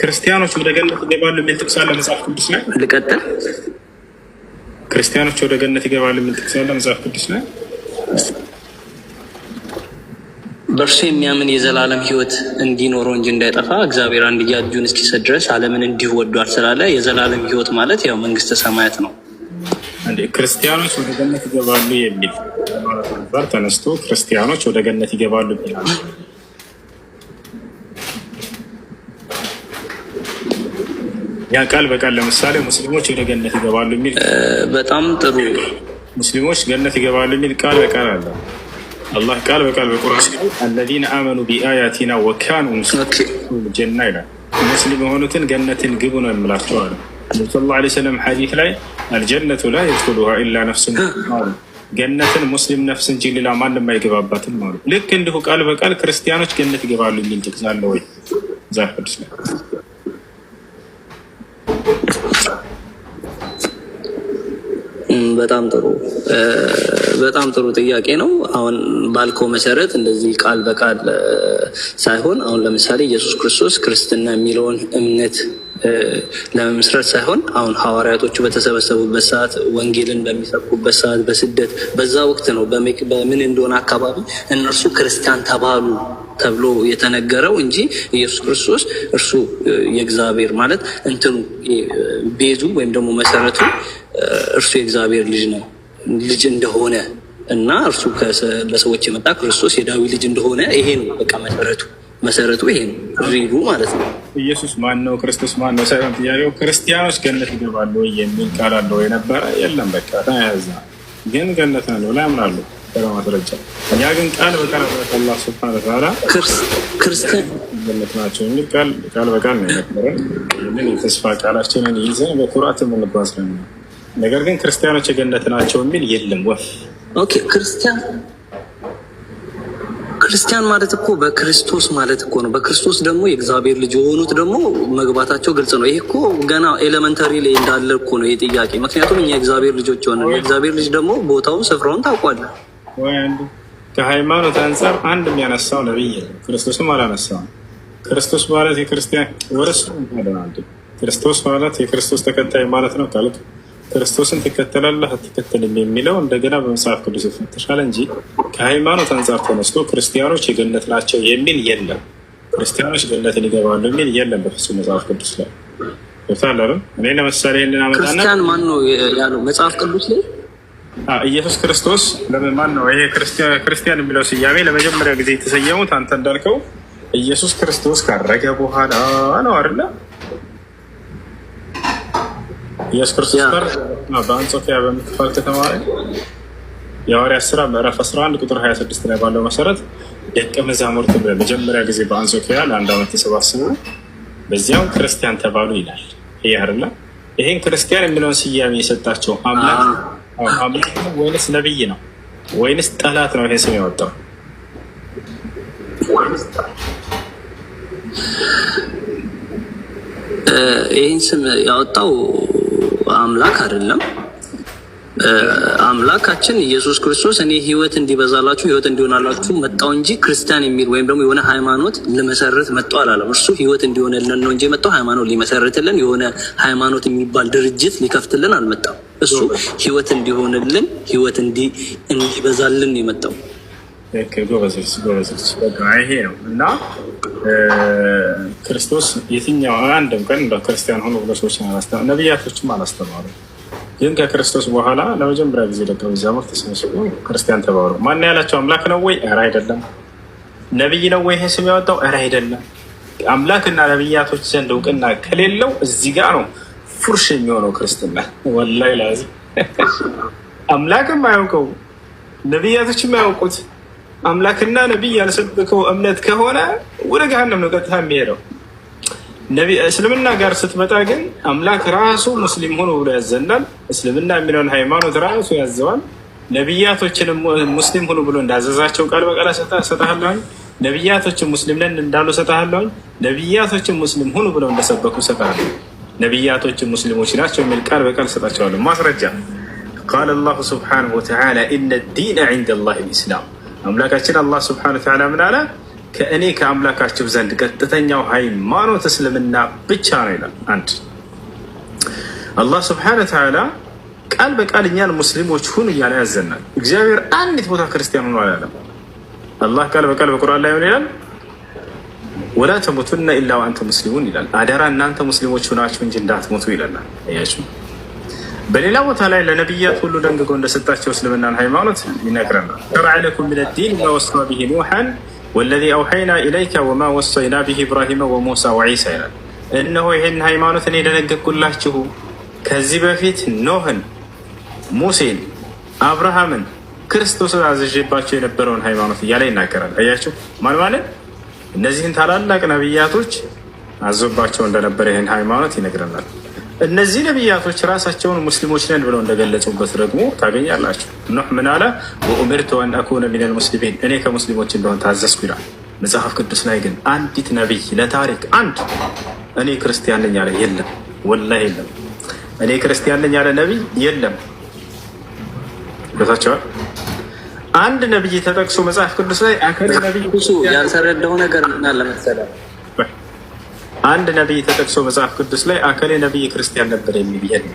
ክርስቲያኖች ወደ ገነት ይገባሉ የሚል ጥቅስ አለ መጽሐፍ ቅዱስ ላይ። ልቀጥል። ክርስቲያኖች ወደ ገነት ይገባሉ የሚል ጥቅስ አለ መጽሐፍ ቅዱስ ላይ። በእርሱ የሚያምን የዘላለም ሕይወት እንዲኖረው እንጂ እንዳይጠፋ እግዚአብሔር አንድያ ልጁን እስኪሰጥ ድረስ ዓለምን እንዲሁ ወዷል ስላለ የዘላለም ሕይወት ማለት ያው መንግስተ ሰማያት ነው። ክርስቲያኖች ወደ ገነት ይገባሉ የሚል ተነስቶ ክርስቲያኖች ወደ ገነት ይገባሉ የሚል ያ ቃል በቃል ለምሳሌ ሙስሊሞች ወደ ገነት ይገባሉ የሚል በጣም ጥሩ ሙስሊሞች ገነት ይገባሉ የሚል ቃል በቃል አለ። አላህ ቃል በቃል በቁርአን አለዚነ አመኑ ቢአያቲና ወካኑ ጀና ይላል። ሙስሊም የሆኑትን ገነትን ግቡ ነው የምላቸው አለ። ነቢ ስ ላ ሰለም ሐዲት ላይ አልጀነቱ ላ የድኩሉሃ ኢላ ነፍሱን ገነትን ሙስሊም ነፍስ እንጂ ሌላ ማንም አይገባባትም አሉ። ልክ እንዲሁ ቃል በቃል ክርስቲያኖች ገነት ይገባሉ የሚል ጥቅስ አለ ወይ ዛፍ ቅዱስ ላይ በጣም ጥሩ በጣም ጥሩ ጥያቄ ነው። አሁን ባልከው መሰረት እንደዚህ ቃል በቃል ሳይሆን አሁን ለምሳሌ ኢየሱስ ክርስቶስ ክርስትና የሚለውን እምነት ለመመስረት ሳይሆን አሁን ሐዋርያቶቹ በተሰበሰቡበት ሰዓት ወንጌልን በሚሰብኩበት ሰዓት በስደት በዛ ወቅት ነው በምን እንደሆነ አካባቢ እነርሱ ክርስቲያን ተባሉ ተብሎ የተነገረው እንጂ ኢየሱስ ክርስቶስ እርሱ የእግዚአብሔር ማለት እንትኑ ቤዙ ወይም ደግሞ መሰረቱ እርሱ የእግዚአብሔር ልጅ ነው ልጅ እንደሆነ እና እርሱ በሰዎች የመጣ ክርስቶስ የዳዊት ልጅ እንደሆነ ይሄ ነው በቃ መሰረቱ። መሰረቱ ይሄ ነው ሪንጉ ማለት ነው። ኢየሱስ ማን ነው ክርስቶስ ማን ነው ሳይሆን ጥያቄው ክርስቲያኖች ገነት ይገባሉ ወይ የሚል ቃል ወይ የነበረ የለም። በቃ ተያያዘ ግን ገነት ነው ላይ ያምናሉ ማስረጃ። እኛ ግን ቃል በቃል አላህ ስብሐነ ናቸው የሚል ቃል በቃል ነው የነበረ። ይህንን የተስፋ ቃላችንን ይዘን በኩራት የምንጓዝ ነው። ነገር ግን ክርስቲያኖች የገነት ናቸው የሚል የለም። ወፍ ክርስቲያን ክርስቲያን ማለት እኮ በክርስቶስ ማለት እኮ ነው። በክርስቶስ ደግሞ የእግዚአብሔር ልጅ የሆኑት ደግሞ መግባታቸው ግልጽ ነው። ይሄ እኮ ገና ኤሌመንተሪ ላይ እንዳለ እኮ ነው ይሄ ጥያቄ። ምክንያቱም እኛ የእግዚአብሔር ልጆች ሆነ፣ የእግዚአብሔር ልጅ ደግሞ ቦታውን ስፍራውን ታውቋለህ። ከሃይማኖት አንጻር አንድ የሚያነሳው ነብይ ክርስቶስም አላነሳው። ክርስቶስ ማለት የክርስቲያን ወርስ ክርስቶስ ማለት የክርስቶስ ተከታይ ማለት ነው ካልክ ክርስቶስን ትከተላለህ አትከተልም የሚለው እንደገና በመጽሐፍ ቅዱስ ይፈተሻል እንጂ ከሃይማኖት አንጻር ተነስቶ ክርስቲያኖች የገነት ናቸው የሚል የለም። ክርስቲያኖች ገነትን ይገባሉ የሚል የለም በፍጹም መጽሐፍ ቅዱስ ላይ ታለም። እኔ ለምሳሌ ክርስቲያን ማን ነው ያለው መጽሐፍ ቅዱስ ላይ? ኢየሱስ ክርስቶስ ማን ነው? ይሄ ክርስቲያን የሚለው ስያሜ ለመጀመሪያ ጊዜ የተሰየሙት አንተ እንዳልከው ኢየሱስ ክርስቶስ ካረገ በኋላ ነው አይደለ? ኢየሱስ ክርስቶስ ጋር በአንጾኪያ በምትባል ከተማ የሐዋርያት ስራ ምዕራፍ 11 ቁጥር 26 ላይ ባለው መሰረት ደቀ መዛሙርት ጊዜ በአንጾኪያ ለአንድ አመት ተሰባስቡ፣ በዚያም ክርስቲያን ተባሉ ይላል። ይህን ክርስቲያን የሚለውን ስያሜ የሰጣቸው አምላክ ነው ወይንስ ነው ወይንስ ጠላት ነው? ይሄን ስም ያወጣው ይህን ስም ያወጣው አምላክ አይደለም። አምላካችን ኢየሱስ ክርስቶስ እኔ ህይወት እንዲበዛላችሁ ህይወት እንዲሆናላችሁ መጣው እንጂ ክርስቲያን የሚል ወይም ደግሞ የሆነ ሃይማኖት ልመሰርት መጣው አላለም። እርሱ ህይወት እንዲሆንልን ነው እንጂ መጣው ሃይማኖት ሊመሰርትልን የሆነ ሃይማኖት የሚባል ድርጅት ሊከፍትልን አልመጣም። እሱ ህይወት እንዲሆንልን ህይወት እንዲበዛልን የመጣው ጎበዝ ልጅ ጎበዝ ልጅ በቃ ይሄ ነው እና ክርስቶስ የትኛው አንድም ቀን እንደ ክርስቲያን ሆኖ ብሎ ሰዎች አላስተማረ፣ ነቢያቶችም አላስተማሩ። ግን ከክርስቶስ በኋላ ለመጀመሪያ ጊዜ ደቀ መዛሙርት ተሰብስበው ክርስቲያን ተባሩ ማን ያላቸው አምላክ ነው ወይ? ኧረ አይደለም። ነቢይ ነው ወይ? ይሄ ስም ያወጣው? ኧረ አይደለም። አምላክና ነቢያቶች ዘንድ እውቅና ከሌለው እዚህ ጋር ነው ፉርሽ የሚሆነው ክርስትና። ወላሂ ላዚ አምላክም አያውቀው ነቢያቶችም አያውቁት አምላክና ነቢይ ያልሰበከው እምነት ከሆነ ወደ ገሃነም ነው ቀጥታ የሚሄደው። እስልምና ጋር ስትመጣ ግን አምላክ ራሱ ሙስሊም ሆኖ ብሎ ያዘናል። እስልምና የሚለውን ሃይማኖት ራሱ ያዘዋል። ነቢያቶችንም ሙስሊም ሆኖ ብሎ እንዳዘዛቸው ቃል በቃል ሰጠሃለሁኝ። ነቢያቶችን ሙስሊም ነን እንዳሉ ሰጠሃለሁኝ። ነቢያቶችን ሙስሊም ሆኖ ብለው እንደሰበኩ ሰጠሃለሁ። ነቢያቶችን ሙስሊሞች ናቸው የሚል ቃል በቃል ሰጣቸዋለሁ። ማስረጃ ቃል አላሁ ስብሓነሁ ወተዓላ ኢነ ዲነ ዒንደ ላሂ ልኢስላም አምላካችን አላህ ስብሐነሁ ወተዓላ ምን አለ? ከእኔ ከአምላካችሁ ዘንድ ቀጥተኛው ሃይማኖት እስልምና ብቻ ነው ይላል። አንድ አላህ ስብሐነሁ ወተዓላ ቃል በቃል እኛን ሙስሊሞች ሁን እያለ ያዘናል። እግዚአብሔር አንዲት ቦታ ክርስቲያን ሆኖ አላለም። አላህ ቃል በቃል በቁርአን ላይ ምን ይላል? ወላ ተሞቱና ኢላ ወአንተ ሙስሊሙን ይላል። አደራ እናንተ ሙስሊሞች ሆናችሁ እንጂ እንዳትሞቱ ይለናል። አያችሁ በሌላ ቦታ ላይ ለነቢያት ሁሉ ደንግጎ እንደሰጣቸው እስልምናን ሃይማኖት ይነግረናል። ሸርዐ ለኩም ሚነ ዲን ማ ወሳ ብሂ ኑሐን ወለዚ አውሐይና ኢለይከ ወማ ወሰይና ብሂ ኢብራሂመ ወሙሳ ወዒሳ ይላል። እነሆ ይህን ሃይማኖት እኔ ደነገግኩላችሁ ከዚህ በፊት ኖህን፣ ሙሴን፣ አብርሃምን፣ ክርስቶስን አዘዤባቸው የነበረውን ሃይማኖት እያለ ይናገራል። አያችሁ ማን ማለት እነዚህን ታላላቅ ነቢያቶች አዞባቸው እንደነበረ ይህን ሃይማኖት ይነግረናል። እነዚህ ነቢያቶች ራሳቸውን ሙስሊሞች ነን ብለው እንደገለጹበት ደግሞ ታገኛላቸው። ኖህ ምን አለ? ወኡሚርቱ አን አኩነ ሚነል ሙስሊሚን እኔ ከሙስሊሞች እንደሆን ታዘዝኩ ይላል መጽሐፍ ቅዱስ ላይ። ግን አንዲት ነቢይ ለታሪክ አንድ እኔ ክርስቲያን ነኝ ያለ የለም፣ ወላሂ የለም። እኔ ክርስቲያን ነኝ ያለ ነቢይ የለም። ገታቸዋል አንድ ነቢይ ተጠቅሶ መጽሐፍ ቅዱስ ላይ አከለ ነቢይ ያልተረዳው ነገር ምን አለ መሰለህ አንድ ነቢይ ተጠቅሶ መጽሐፍ ቅዱስ ላይ አከሌ ነቢይ ክርስቲያን ነበር የሚል የለም።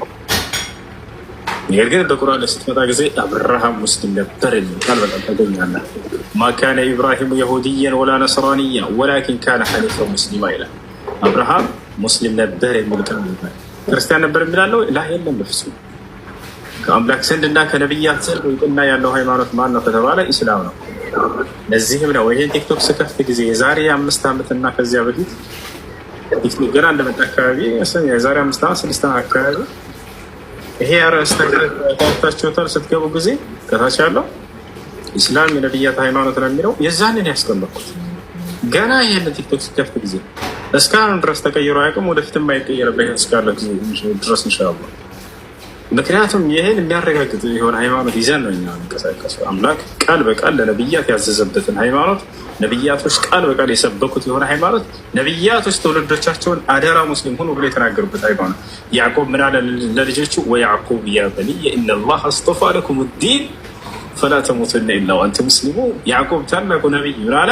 ነገር ግን በቁርአን ላይ ስትመጣ ጊዜ አብርሃም ሙስሊም ነበር የሚል ቃል በጣም ታገኛለህ። ማካነ ኢብራሂሙ የሁድየን ወላ ነስራንያ ወላኪን ካነ ሐኒፈ ሙስሊማ ይላል። አብርሃም ሙስሊም ነበር የሚል ቃል ክርስቲያን ነበር የሚላለው ላ የለም በፍጹም ከአምላክ ዘንድ እና ከነቢያት ዘንድ እውቅና ያለው ሃይማኖት ማን ነው ከተባለ ኢስላም ነው። ለዚህም ነው ይህን ቲክቶክ ስከፍት ጊዜ የዛሬ አምስት ዓመት እና ከዚያ በፊት ገና እንደመጣ አካባቢ የዛሬ አምስት ዓመት ስድስት ዓመት አካባቢ ይሄ አርዕስተ ታችሁታል። ስትገቡ ጊዜ ከታች ያለው ኢስላም የነብያት ሃይማኖት ነው የሚለው የዛንን ያስቀመጥኩት ገና ይህን ቲክቶክ ሲከፍት ጊዜ እስካሁን ድረስ ተቀይሮ አያውቅም። ወደፊትም አይቀየርበት እስካለ ጊዜ ድረስ እንሻላ ምክንያቱም ይህን የሚያረጋግጥ የሆነ ሃይማኖት ይዘን ነው እኛ እንቀሳቀሰው። አምላክ ቃል በቃል ለነብያት ያዘዘበትን ሃይማኖት ነብያቶች ቃል በቃል የሰበኩት የሆነ ሃይማኖት ነብያቶች ትውልዶቻቸውን አደራ ሙስሊም ሁኑ ብሎ የተናገሩበት ሃይማኖት ያዕቆብ ምን አለ ለልጆቹ ወያዕቆብ ያ በንየ ኢነላህ አስጠፋ ለኩም ዲን ፈላ ተሙቱነ ኢላ ወአንቱም ሙስሊሙ። ያዕቆብ ታላቁ ነቢይ ምን አለ?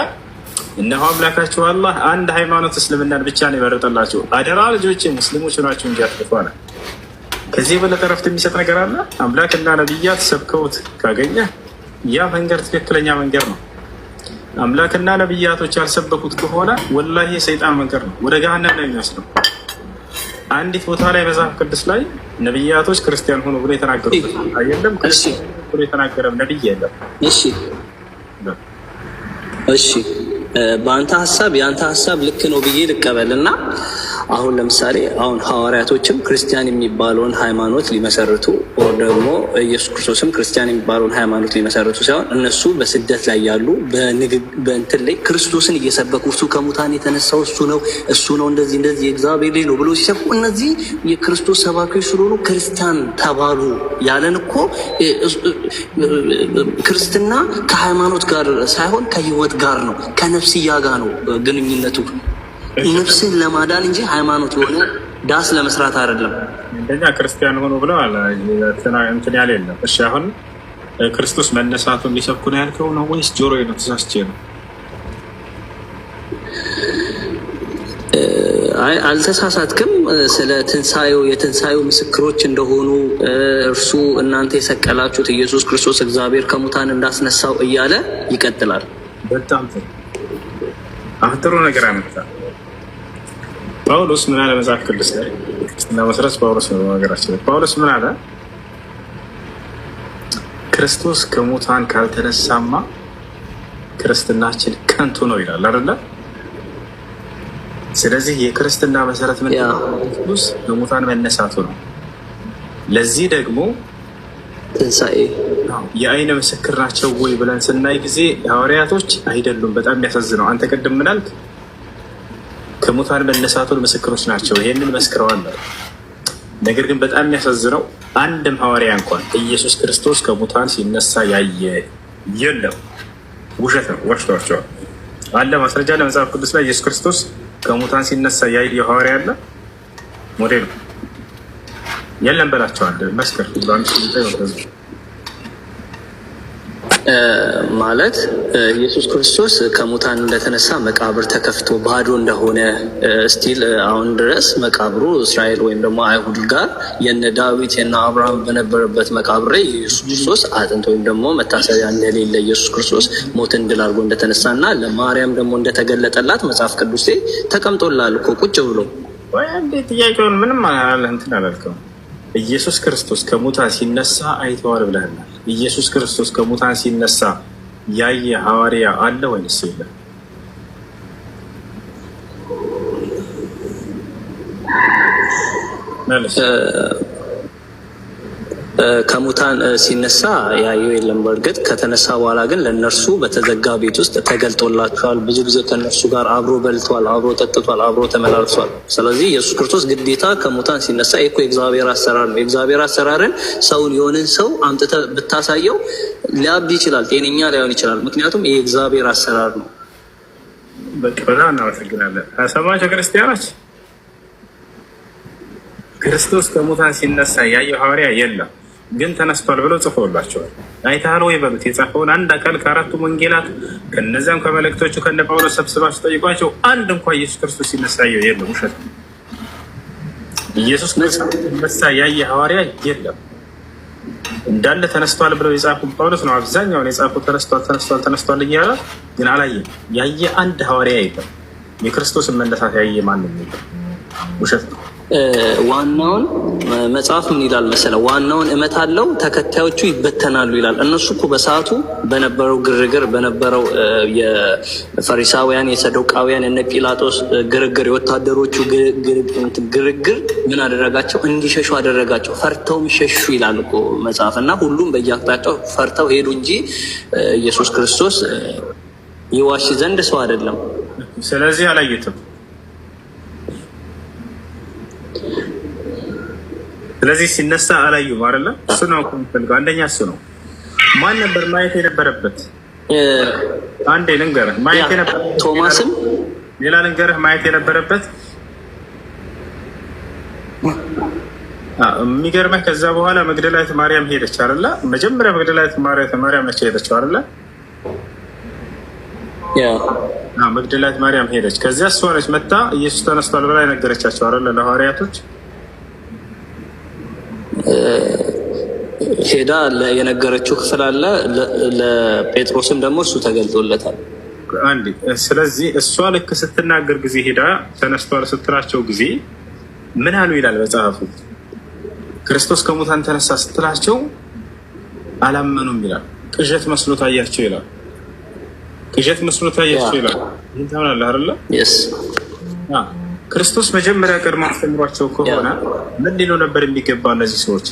እነሆ አምላካችሁ አላህ አንድ ሃይማኖት እስልምናን ብቻ ነው የመረጠላችሁ። አደራ ልጆቼ ሙስሊሞች ናችሁ እንጂ አትጥፉ አለ። ከዚህ የበለጠ ረፍት የሚሰጥ ነገር አለ? አምላክና ነቢያት ሰብከውት ካገኘ ያ መንገድ ትክክለኛ መንገድ ነው። አምላክና ነቢያቶች ያልሰበኩት ከሆነ ወላሂ የሰይጣን መንገድ ነው፣ ወደ ገሃነም ነው የሚወስደው። አንዲት ቦታ ላይ መጽሐፍ ቅዱስ ላይ ነቢያቶች ክርስቲያን ሆኖ ብሎ የተናገሩት የለም። ክርስቲያን ብሎ የተናገረም ነቢይ የለም። እሺ እሺ በአንተ ሀሳብ የአንተ ሀሳብ ልክ ነው ብዬ ልቀበል እና አሁን ለምሳሌ አሁን ሐዋርያቶችም ክርስቲያን የሚባለውን ሃይማኖት ሊመሰርቱ ወር ደግሞ ኢየሱስ ክርስቶስም ክርስቲያን የሚባለውን ሃይማኖት ሊመሰርቱ ሳይሆን እነሱ በስደት ላይ ያሉ በእንትን ላይ ክርስቶስን እየሰበኩ እሱ ከሙታን የተነሳው እሱ ነው እሱ ነው እንደዚህ እንደዚህ የእግዚአብሔር ልጅ ነው ብሎ ሲሰብኩ እነዚህ የክርስቶስ ሰባኪዎች ስለሆኑ ክርስቲያን ተባሉ። ያለን እኮ ክርስትና ከሃይማኖት ጋር ሳይሆን ከህይወት ጋር ነው ከነ ነፍስያ ጋር ነው ግንኙነቱ። ነፍስን ለማዳን እንጂ ሃይማኖት የሆነ ዳስ ለመስራት አይደለም። እንደኛ ክርስቲያን ሆኖ ብለዋል እንትን ያለ የለም። እሺ አሁን ክርስቶስ መነሳቱ የሚሰብኩ ነው ያልከው ነው ወይስ ጆሮ ነው ተሳስቼ ነው? አልተሳሳትክም። ስለ ትንሣኤው የትንሣኤው ምስክሮች እንደሆኑ እርሱ እናንተ የሰቀላችሁት ኢየሱስ ክርስቶስ እግዚአብሔር ከሙታን እንዳስነሳው እያለ ይቀጥላል። በጣም ጥሩ ጥሩ ነገር አመጣ። ጳውሎስ ምን አለ መጽሐፍ ቅዱስ ላይ እና መሰረት ጳውሎስ ነው ነገራችን። ጳውሎስ ምን አለ? ክርስቶስ ከሙታን ካልተነሳማ ክርስትናችን ከንቱ ነው ይላል አይደለ? ስለዚህ የክርስትና መሰረት ምን ክርስቶስ ከሙታን መነሳቱ ነው። ለዚህ ደግሞ ትንሣኤ የአይነ ምስክር ናቸው ወይ ብለን ስናይ ጊዜ ሐዋርያቶች አይደሉም። በጣም የሚያሳዝነው አንተ ቅድም ምናልክ ከሙታን መነሳቱን ምስክሮች ናቸው፣ ይህንን መስክረዋል። ነገር ግን በጣም የሚያሳዝነው አንድም ሐዋርያ እንኳን ኢየሱስ ክርስቶስ ከሙታን ሲነሳ ያየ የለም። ውሸት ነው፣ ዋሽተዋቸዋል። አለ ማስረጃ ለመጽሐፍ ቅዱስ ላይ ኢየሱስ ክርስቶስ ከሙታን ሲነሳ ያየ ሐዋርያ አለ? ሞዴል የለም በላቸዋል። መስክር ማለት ኢየሱስ ክርስቶስ ከሙታን እንደተነሳ መቃብር ተከፍቶ ባዶ እንደሆነ ስቲል አሁን ድረስ መቃብሩ እስራኤል ወይም ደግሞ አይሁድ ጋር የነ ዳዊት የነ አብርሃም በነበረበት መቃብር ላይ ክርስቶስ አጥንት ወይም ደግሞ መታሰቢያ እንደሌለ ኢየሱስ ክርስቶስ ሞትን ድል አድርጎ እንደተነሳ እና ለማርያም ደግሞ እንደተገለጠላት መጽሐፍ ቅዱሴ ላይ ተቀምጦላል እኮ ቁጭ ብሎ። ወይ ጥያቄውን ምንም እንትን አላልከው ኢየሱስ ክርስቶስ ከሙታን ሲነሳ አይተዋል ብለናል። ኢየሱስ ክርስቶስ ከሙታን ሲነሳ ያየ ሐዋርያ አለ ወይንስ የለም? መልስ ከሙታን ሲነሳ ያየው የለም። በእርግጥ ከተነሳ በኋላ ግን ለእነርሱ በተዘጋ ቤት ውስጥ ተገልጦላቸዋል። ብዙ ጊዜ ከእነርሱ ጋር አብሮ በልቷል፣ አብሮ ጠጥቷል፣ አብሮ ተመላልሷል። ስለዚህ ኢየሱስ ክርስቶስ ግዴታ ከሙታን ሲነሳ እኮ የእግዚአብሔር አሰራር ነው። የእግዚአብሔር አሰራርን ሰውን የሆንን ሰው አምጥተ ብታሳየው ሊያብድ ይችላል፣ ጤነኛ ላይሆን ይችላል። ምክንያቱም ይህ የእግዚአብሔር አሰራር ነው። በጣም እናመሰግናለን። ሰማቸው ክርስቲያኖች ክርስቶስ ከሙታን ሲነሳ ያየው ሐዋርያ የለም። ግን ተነስቷል ብለው ጽፎላቸዋል። አይተሃል ወይ በሉት። የጻፈውን አንድ አካል ከአራቱ ወንጌላት ከነዚያም ከመልእክቶቹ ከነ ጳውሎስ ሰብስባችሁ ጠይቋቸው። አንድ እንኳ ኢየሱስ ክርስቶስ ሲነሳ የለም፣ ውሸት ነው። ኢየሱስ ክርስቶስ ያየ ሐዋርያ የለም። እንዳለ ተነስቷል ብለው የጻፉ ጳውሎስ ነው አብዛኛውን የጻፉ ተነስቷል፣ ተነስቷል፣ ተነስቷል እያለ ግን አላየም። ያየ አንድ ሐዋርያ የለም። የክርስቶስን መነሳት ያየ ማንም የለም፣ ውሸት ነው። ዋናውን መጽሐፍ ምን ይላል መሰለ፣ ዋናውን እመት አለው ተከታዮቹ ይበተናሉ ይላል። እነሱ እኮ በሰዓቱ በነበረው ግርግር በነበረው የፈሪሳውያን የሰዶቃውያን የነ ጲላጦስ ግርግር የወታደሮቹ ግርግር ምን አደረጋቸው? እንዲሸሹ አደረጋቸው። ፈርተውም ሸሹ ይላል እኮ መጽሐፍ እና ሁሉም በየአቅጣጫው ፈርተው ሄዱ እንጂ ኢየሱስ ክርስቶስ ይዋሽ ዘንድ ሰው አይደለም። ስለዚህ አላየትም። ስለዚህ ሲነሳ አላዩም አይደለ? እሱ ነው የምፈልገው። አንደኛ እሱ ነው። ማን ነበር ማየት የነበረበት? አንዴ ልንገርህ ማየት የነበረበት ቶማስም፣ ሌላ ልንገርህ ማየት የነበረበት የሚገርመህ ከዛ በኋላ መግደላዊት ማርያም ሄደች አይደለ? መጀመሪያ መግደላዊት ማርያም ነች ሄደችው አይደለ? መግደላዊት ማርያም ሄደች። ከዚያ እሷ ነች መታ ኢየሱስ ተነስቷል ብላ ነገረቻቸው አይደለ ለሐዋርያቶች ሄዳ የነገረችው ክፍል አለ። ለጴጥሮስም ደግሞ እሱ ተገልጦለታል። ስለዚህ እሷ ልክ ስትናገር ጊዜ ሄዳ ተነስቷል ስትላቸው ጊዜ ምን አሉ ይላል መጽሐፉ። ክርስቶስ ከሙታን ተነሳ ስትላቸው አላመኑም ይላል። ቅዠት መስሎ ታያቸው ይላል። ቅዠት መስሎ ታያቸው ይላል። ይህን ታምናለህ አይደለ? ክርስቶስ መጀመሪያ ቀድሞ አስተምሯቸው ከሆነ ምን ሊሉ ነበር የሚገባ እነዚህ ሰዎች?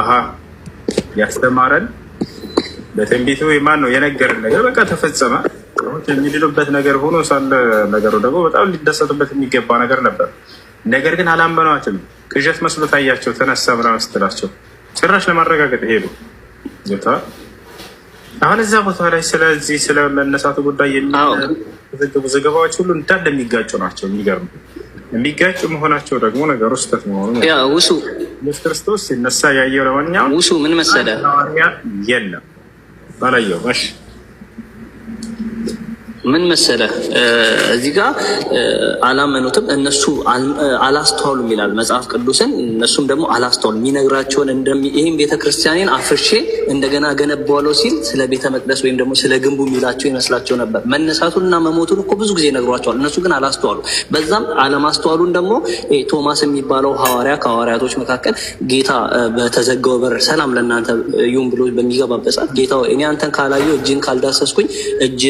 አሀ ያስተማረን በትንቢቱ ማን ነው የነገረን ነገር በቃ ተፈጸመ የሚልሉበት ነገር ሆኖ ሳለ ነገሩ ደግሞ በጣም ሊደሰቱበት የሚገባ ነገር ነበር። ነገር ግን አላመኗትም። ቅዠት መስሎ ታያቸው። ተነሳ ምናምን ስትላቸው ጭራሽ ለማረጋገጥ ሄዱ። አሁን እዛ ቦታ ላይ ስለዚህ ስለመነሳቱ ጉዳይ የሚዘግቡ ዘገባዎች ሁሉ እንዳለ የሚጋጩ ናቸው። የሚገርም እንዲጋጭ መሆናቸው ደግሞ ነገሩ ስህተት መሆኑ ውሱ ኢየሱስ ክርስቶስ ሲነሳ ያየው ለዋኛው ውሱ ምን መሰለህ የለም እሺ ምን መሰለ እዚህ ጋር አላመኑትም፣ እነሱ አላስተዋሉም ይላል መጽሐፍ ቅዱስን። እነሱም ደግሞ አላስተዋሉ የሚነግራቸውን ይህም ቤተ ክርስቲያኔን አፍርሼ እንደገና ገነባዋለው ሲል ስለ ቤተ መቅደስ ወይም ደግሞ ስለ ግንቡ የሚላቸው ይመስላቸው ነበር። መነሳቱንና መሞቱን እኮ ብዙ ጊዜ ነግሯቸዋል። እነሱ ግን አላስተዋሉ። በዛም አለማስተዋሉን ደግሞ ቶማስ የሚባለው ሐዋርያ ከሐዋርያቶች መካከል ጌታ በተዘጋው በር ሰላም ለእናንተ ይሁን ብሎ በሚገባበት ሰዓት ጌታ እኔ አንተን ካላየው እጅን ካልዳሰስኩኝ እጅ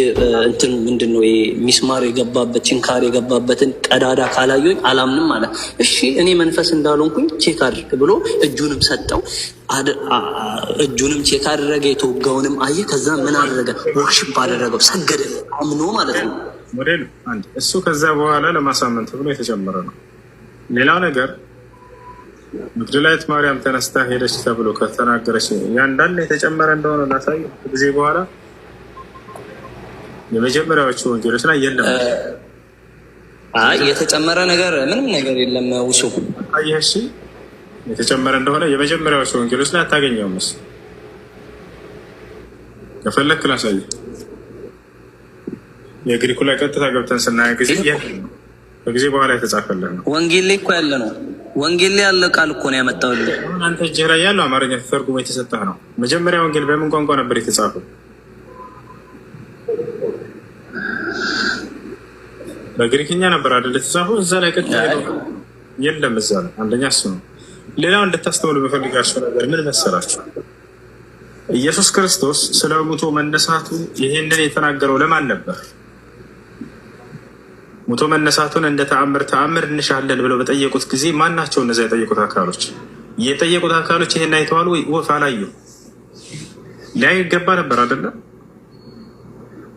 እንትን ምንድን ነው ሚስማር የገባበት ችንካር የገባበትን ቀዳዳ ካላየኝ አላምንም አለ። እሺ እኔ መንፈስ እንዳልሆንኩኝ ቼክ አድርግ ብሎ እጁንም ሰጠው። እጁንም ቼክ አደረገ፣ የተወጋውንም አየ። ከዛ ምን አደረገ? ወርሽፕ አደረገው፣ ሰገደ፣ አምኖ ማለት ነው። ሞዴል እሱ ከዛ በኋላ ለማሳመን ተብሎ የተጨመረ ነው። ሌላው ነገር መግደላዊት ማርያም ተነስታ ሄደች ተብሎ ከተናገረች ያንዳንድ የተጨመረ እንደሆነ ላሳይ ጊዜ በኋላ የመጀመሪያዎቹ ወንጌሎች ላይ የለም። የተጨመረ ነገር ምንም ነገር የለም። ውሱ ይህ የተጨመረ እንደሆነ የመጀመሪያዎቹ ወንጌሎች ላይ አታገኘውም። ስ ከፈለክ ላሳይ። የግሪኩ ላይ ቀጥታ ገብተን ስናየ ጊዜ በጊዜ በኋላ የተጻፈለ ነው። ወንጌል ላይ እኮ ያለ ነው። ወንጌል ላይ ያለ ቃል እኮ ነው ያመጣውልህ። አንተ እጅህ ላይ ያለው አማርኛ ተተርጉሞ የተሰጠህ ነው። መጀመሪያ ወንጌል በምን ቋንቋ ነበር የተጻፈው? በግሪክኛ ነበር አደለ? ተጻፉ እዛ ላይ ቀጥ የለም እዛ ላይ አንደኛ እሱ ነው። ሌላው እንድታስተውሉ በፈልጋቸው ነገር ምን መሰላችሁ? ኢየሱስ ክርስቶስ ስለ ሙቶ መነሳቱ ይህንን የተናገረው ለማን ነበር? ሙቶ መነሳቱን እንደ ተአምር ተአምር እንሻለን ብለው በጠየቁት ጊዜ ማን ናቸው እነዚ የጠየቁት አካሎች? የጠየቁት አካሎች ይህን አይተዋል ወይ? ወፍ አላዩ ሊያዩ ይገባ ነበር አደለም?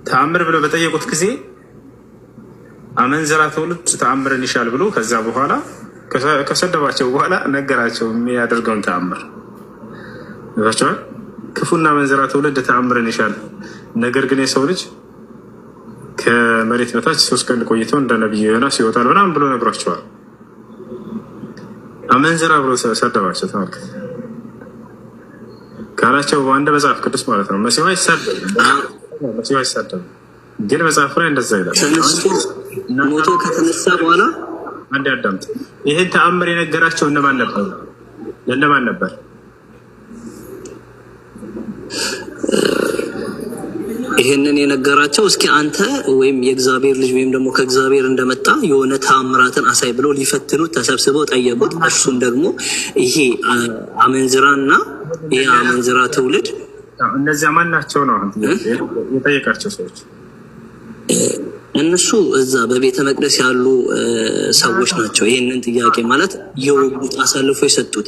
ተአምር ብለው በጠየቁት ጊዜ አመንዝራ ትውልድ ተአምርን ይሻል ብሎ ከዛ በኋላ ከሰደባቸው በኋላ ነገራቸው የሚያደርገውን ተአምር ቸዋል። ክፉና አመንዝራ ትውልድ ተአምርን ይሻል፣ ነገር ግን የሰው ልጅ ከመሬት በታች ሶስት ቀን ቆይቶ እንደ ነብዩ ዮናስ ይወጣል ምናምን ብሎ ነግሯቸዋል። አመንዝራ ብሎ ሰደባቸው። ተመልከት ካላቸው በአንድ መጽሐፍ ቅዱስ ማለት ነው። መሲሁ አይሳደብም፣ ግን መጽሐፍ ላይ እንደዛ ይላል። ሞቶ ከተነሳ በኋላ አንድ አዳምጥ። ይህን ተአምር የነገራቸው እነማን ነበሩ? ለእነማን ነበር? ይህንን የነገራቸው እስኪ አንተ ወይም የእግዚአብሔር ልጅ ወይም ደግሞ ከእግዚአብሔር እንደመጣ የሆነ ተአምራትን አሳይ ብለው ሊፈትኑት ተሰብስበው ጠየቁት። እሱም ደግሞ ይሄ አመንዝራና ይህ አመንዝራ ትውልድ እነዚያ ማን ናቸው ነው የጠየቃቸው ሰዎች እነሱ እዛ በቤተ መቅደስ ያሉ ሰዎች ናቸው። ይህንን ጥያቄ ማለት የወጉት አሳልፎ የሰጡት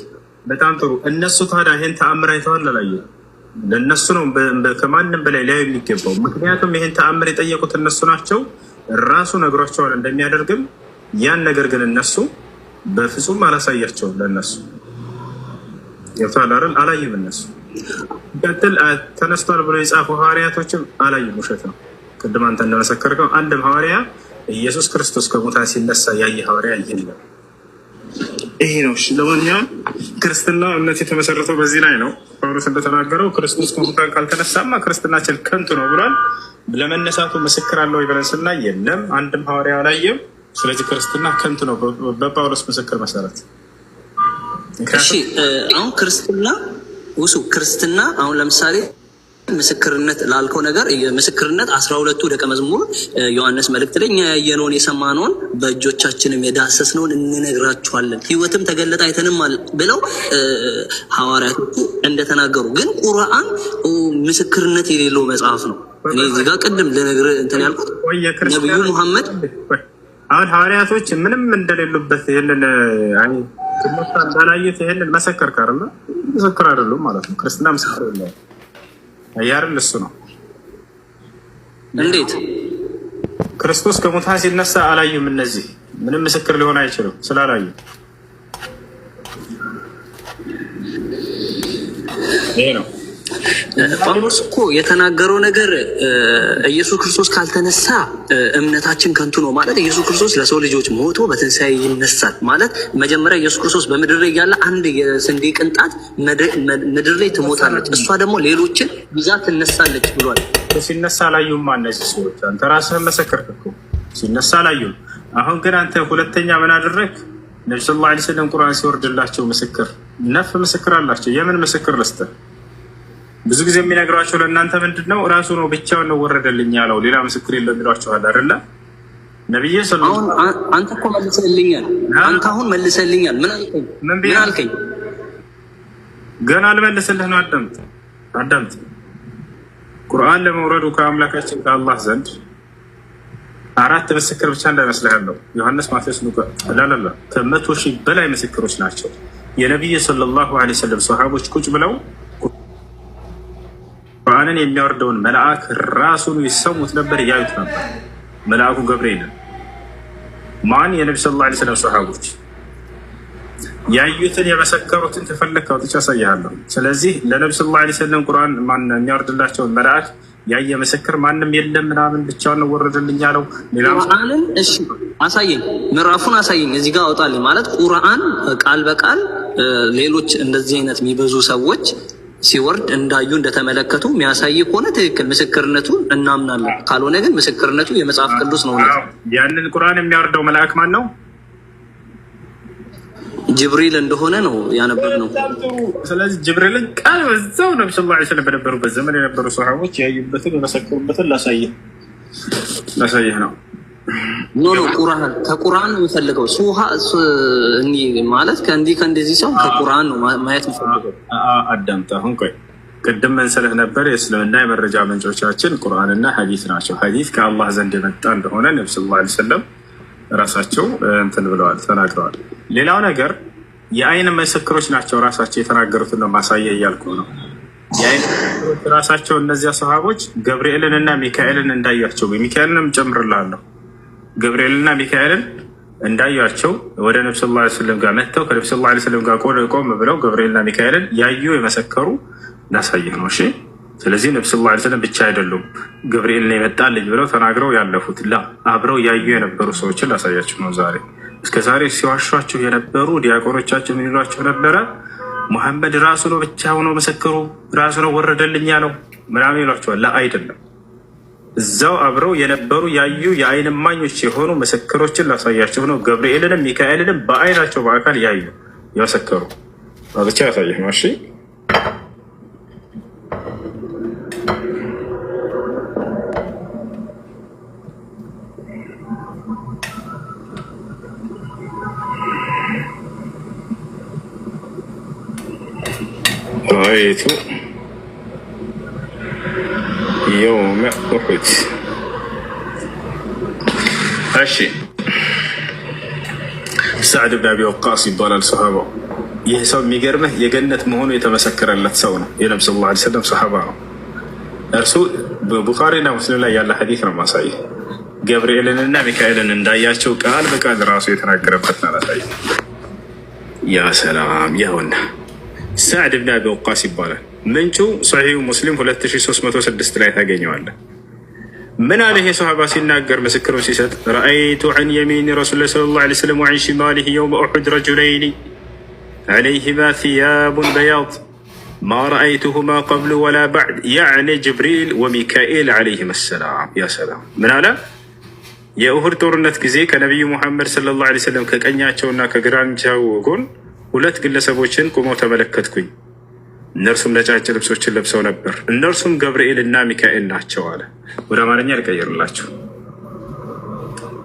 በጣም ጥሩ። እነሱ ታዲያ ይህን ተአምር አይተዋል ላየ ለእነሱ ነው ከማንም በላይ ሊያዩ የሚገባው። ምክንያቱም ይህን ተአምር የጠየቁት እነሱ ናቸው። ራሱ ነግሯቸዋል እንደሚያደርግም ያን ነገር ግን እነሱ በፍጹም አላሳያቸውም። ለእነሱ ገብተዋል አላዩም። እነሱ ቀጥል ተነስቷል ብሎ የጻፉ ሐዋርያቶችም አላዩም። ውሸት ነው። ቅድም አንተ እንደመሰከርከው አንድም ሐዋርያ ኢየሱስ ክርስቶስ ከሙታን ሲነሳ ያየ ሐዋርያ የለም። ይሄ ነው። ለማንኛውም ክርስትና እምነት የተመሰረተው በዚህ ላይ ነው። ጳውሎስ እንደተናገረው ክርስቶስ ከሙታን ካልተነሳማ ክርስትናችን ከንቱ ነው ብሏል። ለመነሳቱ ምስክር አለው ወይ ብለን ስናይ የለም፣ አንድም ሐዋርያ አላየም። ስለዚህ ክርስትና ከንቱ ነው በጳውሎስ ምስክር መሰረት። እሺ አሁን ክርስትና ውሱ ክርስትና አሁን ለምሳሌ ምስክርነት ላልከው ነገር ምስክርነት አስራ ሁለቱ ደቀ መዝሙር ዮሐንስ መልእክት ላይ እኛ ያየነውን የሰማነውን በእጆቻችንም የዳሰስነውን እንነግራችኋለን፣ ህይወትም ተገለጠ አይተንም አለ ብለው ሐዋርያቱ እንደተናገሩ ግን ቁርአን ምስክርነት የሌለው መጽሐፍ ነው። እኔ እዚህ ጋር ቅድም ልነግር እንትን ያልኩት ነቢዩ ሙሐመድ አሁን ሐዋርያቶች ምንም እንደሌሉበት ይህንን እንዳላየት ይህንን መሰከር ካርና ምስክር አይደሉም ማለት ነው። ክርስትና ምስክር የለውም። አያርን እሱ ነው። እንዴት ክርስቶስ ከሙታን ሲነሳ አላዩም? እነዚህ ምንም ምስክር ሊሆን አይችልም ስላላዩ። ይሄ ነው ጳውሎስ እኮ የተናገረው ነገር ኢየሱስ ክርስቶስ ካልተነሳ እምነታችን ከንቱ ነው ማለት ኢየሱስ ክርስቶስ ለሰው ልጆች ሞቶ በትንሳኤ ይነሳል ማለት መጀመሪያ ኢየሱስ ክርስቶስ በምድር ላይ ያለ አንድ የስንዴ ቅንጣት ምድር ላይ ትሞታለች፣ እሷ ደግሞ ሌሎችን ይዛ ትነሳለች ብሏል። ሲነሳ አላዩም እነዚህ ሰዎች። አንተ ራስህን መሰከርክ እኮ ሲነሳ አላዩም። አሁን ግን አንተ ሁለተኛ ምን አደረግ? ነቢ ስ ላ ስለም ቁርአን ሲወርድላቸው ምስክር ነፍ ምስክር አላቸው። የምን ምስክር ልስጥህ? ብዙ ጊዜ የሚነግሯቸው ለእናንተ ምንድን ነው? ራሱ ነው ብቻውን ነው ወረደልኝ ያለው ሌላ ምስክር የለ የሚሏቸዋል አይደለ? ነብይ አንተ እኮ መልሰልኛል። አንተ አሁን መልሰልኛል። ምን አልከኝ? ገና ልመልስልህ ነው። አዳምጥ አዳምጥ። ቁርአን ለመውረዱ ከአምላካችን ከአላህ ዘንድ አራት ምስክር ብቻ እንዳይመስልሃለሁ። ዮሐንስ፣ ማቴዎስ፣ ሉቃስ ላላላ ከመቶ ሺህ በላይ ምስክሮች ናቸው። የነቢይ ሰለላሁ ዐለይሂ ወሰለም ሰሃቦች ቁጭ ብለው ቁርአንን የሚያወርደውን መልአክ ራሱን ይሰሙት ነበር፣ ያዩት ነበር። መልአኩ ገብርኤል ማን? የነቢ ስ ላ ስለም ሰሃቦች ያዩትን የመሰከሩትን ከፈለግ አውጥቼ አሳይሃለሁ። ስለዚህ ለነቢ ስ ላ ስለም ቁርአን የሚያወርድላቸውን መልአክ ያየ ምስክር ማንም የለም ምናምን ብቻውን ወረደልኝ ያለው ቁርአንን። እሺ አሳየኝ፣ ምዕራፉን አሳየኝ፣ እዚህ ጋር አውጣልኝ ማለት ቁርአን ቃል በቃል ሌሎች እንደዚህ አይነት የሚበዙ ሰዎች ሲወርድ እንዳዩ እንደተመለከቱ የሚያሳይ ከሆነ ትክክል ምስክርነቱ እናምናለን። ካልሆነ ግን ምስክርነቱ የመጽሐፍ ቅዱስ ነው። ያንን ቁርአን የሚያወርደው መልአክ ማን ነው? ጅብሪል እንደሆነ ነው ያነበብ ነው። ስለዚህ ጅብሪልን ቃል በዛው ነቢ ስ ላ ስለም በነበሩበት ዘመን የነበሩ ሰሃቦች ያዩበትን የመሰክሩበትን ላሳየህ ነው። ኖ ኖ ቁርአን ከቁርአን ነው የምፈልገው። ሱሃ እኒ ማለት ከእንዲህ ከእንደዚህ ሰው ከቁርአን ነው ማየት የምፈልገው። አዳምጥ። አሁን ቆይ ቅድም ምን ስልህ ነበር? የእስልምና የመረጃ ምንጮቻችን ቁርአንና ሀዲት ናቸው። ሐዲስ ከአላህ ዘንድ የመጣ እንደሆነ ነብዩ ሰለላሁ ዐለይሂ ራሳቸው እንትን ብለዋል፣ ተናግረዋል። ሌላው ነገር የአይን ምስክሮች ናቸው ራሳቸው የተናገሩትን ነው ማሳያ እያልኩ ነው። የአይን ራሳቸው እነዚያ ሰሃቦች ገብርኤልን ሚካኤልን እንዳያቸው ሚካኤልንም ጨምርላለሁ ገብርኤልና ሚካኤልን እንዳዩቸው ወደ ነብ ላ ስለም ጋር መጥተው ከነብ ላ ስለም ጋር ቆም ብለው ገብርኤልና ሚካኤልን ያዩ የመሰከሩ እንዳሳየ ነው። እሺ ስለዚህ ነብ ላ ስለም ብቻ አይደሉም ገብርኤልና የመጣልኝ ብለው ተናግረው ያለፉት ላ አብረው ያዩ የነበሩ ሰዎችን ላሳያቸው ነው ዛሬ። እስከ ዛሬ ሲዋሿቸው የነበሩ ዲያቆኖቻቸው የሚሏቸው ነበረ ሙሐመድ ራሱ ነው ብቻ ሆኖ መሰከሩ ራሱ ነው ወረደልኛ ነው ምናምን ይሏቸዋል። ላ አይደለም እዛው አብረው የነበሩ ያዩ የአይን ማኞች የሆኑ ምስክሮችን ላሳያቸው ነው። ገብርኤልንም ሚካኤልንም በአይናቸው በአካል ያዩ የመሰከሩ ብቻ ያሳየህ ማሺ ቱ يوم أحد هشي سعد بن أبي وقاص يبال الصحابة يحسب ميقرمه يقنة مهونه يتمسكر اللي تسونا ينبس الله عليه وسلم صحابه أرسول بخاري نعم سنو الله يالله حديث نعم سعيد جبريل إن النبي نعم، كائن إن داياشو قال بكان راسه يتنكر بخطنا يا سلام يا هنا سعد بن أبي وقاص يبال ምንጩ ሰሒሁ ሙስሊም 2306 ላይ ታገኘዋለህ። ምን አለ ይሄ ሰሃባ ሲናገር ምስክሩን ሲሰጥ ረአይቱ ዐን የሚን ረሱል ላ ለ ላ ስለም ወዐን ሽማሊህ የውመ ኡሑድ ረጁለይኒ ዐለይሂማ ثያቡን በያድ ማ ረአይቱሁማ ቀብሉ ወላ ባዕድ ያዕኒ ጅብሪል ወሚካኤል ዐለይሂም ሰላም። ያ ሰላም ምን አለ የኡሁድ ጦርነት ጊዜ ከነቢዩ ሙሐመድ ስለ ላ ለ ሰለም ከቀኛቸውና ከግራቸው ጎን ሁለት ግለሰቦችን ቁመው ተመለከትኩኝ እነርሱም ነጫጭ ልብሶችን ለብሰው ነበር። እነርሱም ገብርኤል እና ሚካኤል ናቸው አለ። ወደ አማርኛ ልቀይርላችሁ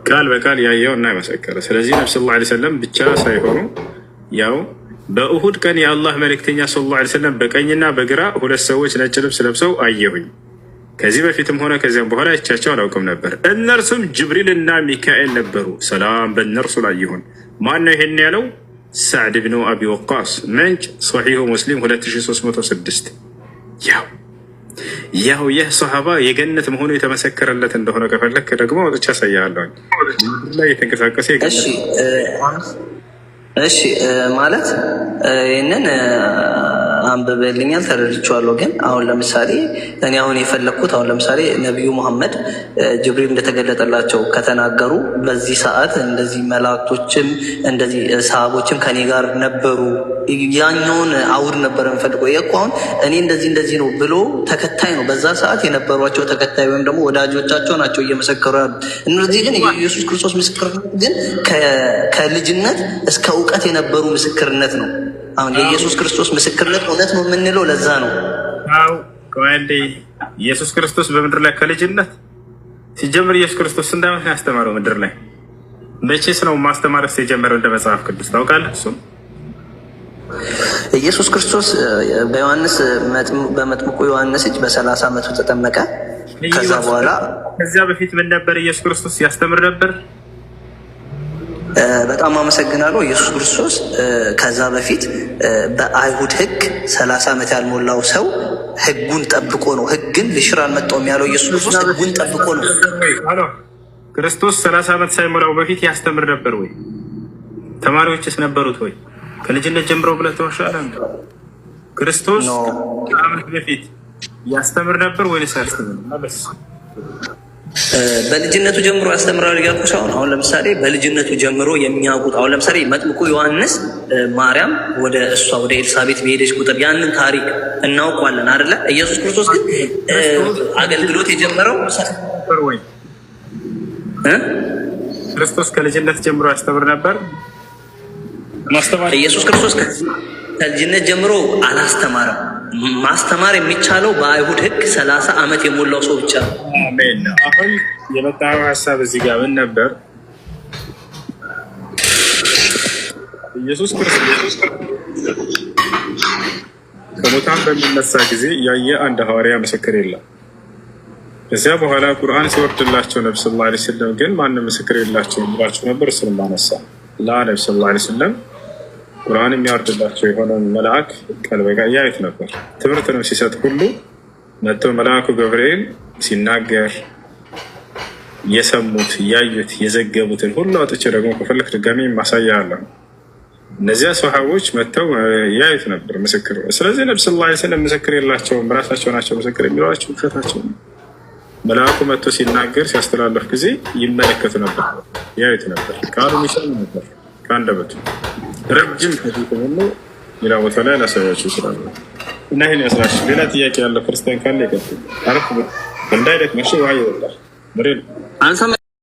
ቃል በቃል ያየው እና የመሰከረ። ስለዚህ ነብ ሰለላሁ ላ ሰለም ብቻ ሳይሆኑ ያው በእሁድ ቀን የአላህ መልእክተኛ ሰለላሁ ላ ሰለም በቀኝና በግራ ሁለት ሰዎች ነጭ ልብስ ለብሰው አየሁኝ። ከዚህ በፊትም ሆነ ከዚያም በኋላ አይቻቸው አላውቅም ነበር። እነርሱም ጅብሪል እና ሚካኤል ነበሩ። ሰላም በእነርሱ ላይ ይሁን። ማን ነው ይሄን ያለው? ሳዕድ ብኑ አቢ ወቃስ ምንጭ ሰሒሁ ሙስሊም 2306 ያው ያው ይህ ሰሓባ የገነት መሆኑ የተመሰከረለት እንደሆነ ከፈለክ ደግሞ ወጥቼ አሳያለሁ። ላይ የተንቀሳቀሰ እሺ፣ ማለት ይህንን አንብበልኛል፣ ተረድቼዋለሁ። ግን አሁን ለምሳሌ እኔ አሁን የፈለግኩት አሁን ለምሳሌ ነቢዩ መሐመድ ጅብሪል እንደተገለጠላቸው ከተናገሩ በዚህ ሰዓት እንደዚህ መላእክቶችም እንደዚህ ሰሃቦችም ከኔ ጋር ነበሩ፣ ያኛውን አውድ ነበር የምፈልገው። ይሄ እኮ አሁን እኔ እንደዚህ እንደዚህ ነው ብሎ ተከታይ ነው በዛ ሰዓት የነበሯቸው ተከታይ ወይም ደግሞ ወዳጆቻቸው ናቸው እየመሰከሩ ያሉ። እነዚህ ግን የኢየሱስ ክርስቶስ ምስክርነት ግን ከልጅነት እስከ እውቀት የነበሩ ምስክርነት ነው። አሁን የኢየሱስ ክርስቶስ ምስክርነት እውነት ነው የምንለው ለዛ ነው። አዎ ከወንዴ ኢየሱስ ክርስቶስ በምድር ላይ ከልጅነት ሲጀምር ኢየሱስ ክርስቶስ ስንት ዓመት ነው ያስተማረው ምድር ላይ? መቼስ ነው ማስተማረስ የጀመረው? እንደ መጽሐፍ ቅዱስ ታውቃለህ። እሱም ኢየሱስ ክርስቶስ በዮሐንስ በመጥምቁ ዮሐንስ እጅ በሰላሳ ዓመቱ ተጠመቀ። ከዛ በኋላ ከዚያ በፊት ምን ነበር? ኢየሱስ ክርስቶስ ያስተምር ነበር በጣም አመሰግናለሁ። ኢየሱስ ክርስቶስ ከዛ በፊት በአይሁድ ሕግ ሰላሳ ዓመት ያልሞላው ሰው ሕጉን ጠብቆ ነው ሕግን ልሽር አልመጣሁም ያለው ኢየሱስ ክርስቶስ ሕጉን ጠብቆ ነው። ክርስቶስ ሰላሳ ዓመት ሳይሞላው በፊት ያስተምር ነበር ወይ? ተማሪዎችስ ነበሩት ወይ? ከልጅነት ጀምሮ ብለህ ተወሻለህ። ክርስቶስ ዓመት በፊት ያስተምር ነበር ወይንስ አያስተምር? በልጅነቱ ጀምሮ ያስተምራል እያልኩ ሳይሆን አሁን ለምሳሌ በልጅነቱ ጀምሮ የሚያውቁት አሁን ለምሳሌ መጥምቁ ዮሐንስ ማርያም ወደ እሷ ወደ ኤልሳቤት በሄደች ቁጥር ያንን ታሪክ እናውቋለን አይደለ? ኢየሱስ ክርስቶስ ግን አገልግሎት የጀመረው ክርስቶስ ከልጅነት ጀምሮ ያስተምር ነበር። ኢየሱስ ክርስቶስ ከልጅነት ጀምሮ አላስተማረም። ማስተማር የሚቻለው በአይሁድ ሕግ ሰላሳ ዓመት የሞላው ሰው ብቻ ነው። አሁን የመጣው ሀሳብ እዚህ ጋር ምን ነበር? ኢየሱስ ክርስቶስ ከሙታን በሚነሳ ጊዜ ያየ አንድ ሐዋርያ ምስክር የለም። እዚያ በኋላ ቁርአን ሲወርድላቸው ነቢ ስ ላ ስለም ግን ማንም ምስክር የላቸው ብላቸው ነበር። እሱንም አነሳ ላ ነቢ ስ ላ ስለም ቁርአን የሚያወርድላቸው የሆነ መልአክ ቀልበ ጋር ያዩት ነበር። ትምህርት ነው ሲሰጥ ሁሉ መጥቶ መልአኩ ገብርኤል ሲናገር የሰሙት ያዩት የዘገቡትን ሁሉ አውጥቼ ደግሞ ከፈለክ ድጋሚ ማሳያ አለ። እነዚያ ሰሃቦች መጥተው ያዩት ነበር ምስክር። ስለዚህ ነብስ ላ ስለ ምስክር የላቸውም ራሳቸው ናቸው ምስክር የሚሏቸው ውሸታቸው ነው። መልአኩ መጥቶ ሲናገር ሲያስተላለፍ ጊዜ ይመለከቱ ነበር፣ ያዩት ነበር፣ ቃሉን ይሰሙ ነበር። ከአንደበት ረጅም ሐዲስ ሆኖ ሌላ ቦታ ላይ ላሳያቸው ይችላሉ። እና ይህን ያስራሽ። ሌላ ጥያቄ ያለ ክርስቲያን ካለ ይቀጥል። አረፍ መሽ ዋ ይወጣል ምሬ ነው።